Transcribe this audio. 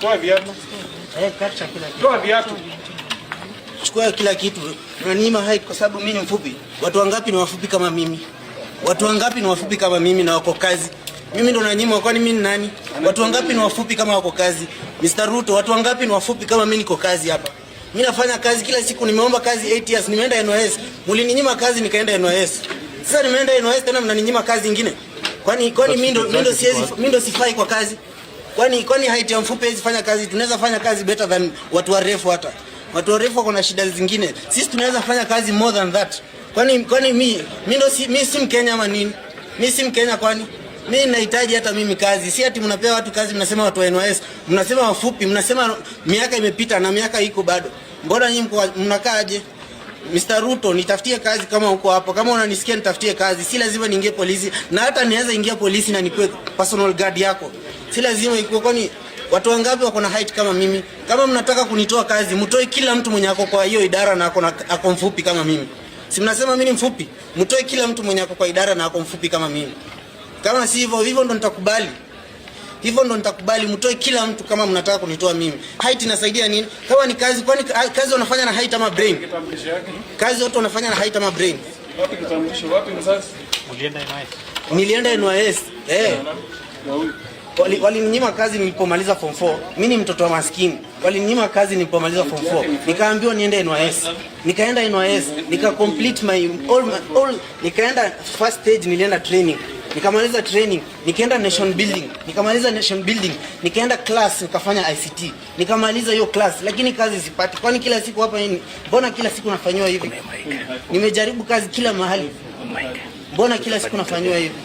Toa viatu. Chukua kila kitu. Unanima hai kwa sababu mimi ni mfupi. Watu wangapi ni wafupi kama mimi? Watu wangapi ni wafupi kama mimi na wako kazi? Mimi ndo nanyima, kwani mimi ni nani? Watu wangapi ni wafupi kama wako kazi? Mr. Ruto, watu wangapi ni wafupi kama mimi niko kazi hapa? Mimi nafanya kazi kila siku, nimeomba kazi 8 years, nimeenda NYS. Mlininyima kazi nikaenda NYS. Sasa nimeenda NYS tena mnaninyima kazi nyingine. Kwani kwani mimi ndo mimi ndo siwezi mimi ndo sifai kwa kazi? Kwani kwani height ya mfupi hizi fanya kazi, tunaweza fanya kazi better than watu warefu hata. Watu warefu wako na shida zingine. Sisi tunaweza fanya kazi more than that. Kwani kwani mi mi ndo si mi si Mkenya ama nini? Mi si Mkenya kwani? Mi nahitaji hata mimi kazi. Si ati mnapea watu kazi mnasema watu wa NYS, mnasema wafupi, mnasema miaka imepita na miaka iko bado. Mbona nyinyi mnakaaje? Mr. Ruto, nitafutie kazi kama uko hapo. Kama unanisikia nitafutie kazi. Si lazima niingie polisi na hata niweza ingia polisi na nikuwe personal guard yako si lazima ikuwe, kwani watu wangapi wako na height kama mimi? Kama mnataka kunitoa kazi, mtoe kila mtu mwenye ako kwa hiyo idara na ako, na, ako mfupi kama mimi. Si mnasema mimi ni mfupi? Mtoe kila mtu mwenye ako kwa idara na ako mfupi kama mimi. Kama si hivyo, hivyo ndo nitakubali. Hivyo ndo nitakubali, mtoe kila mtu kama mnataka kunitoa mimi. Height inasaidia nini? Kama ni kazi, kwani kazi wanafanya na height ama brain? Kazi wote wanafanya na height ama brain? Wapi kitambulisho? Wapi mzazi? Nilienda NYS. Nilienda NYS. Eh. Walininyima wali kazi nilipomaliza form 4. Mimi ni mtoto wa maskini. Walininyima kazi nilipomaliza form 4. Nikaambiwa niende NYS. Nikaenda NYS, nika complete my all, my, all nikaenda first stage nilienda training. Nikamaliza training, nikaenda nation building, nikamaliza nation building, nikaenda class nikafanya ICT. Nikamaliza hiyo class lakini kazi sipati. Kwani kila siku hapa nini? Mbona kila siku nafanywa hivi? Oh Nimejaribu kazi kila mahali. Oh mbona kila siku nafanywa hivi?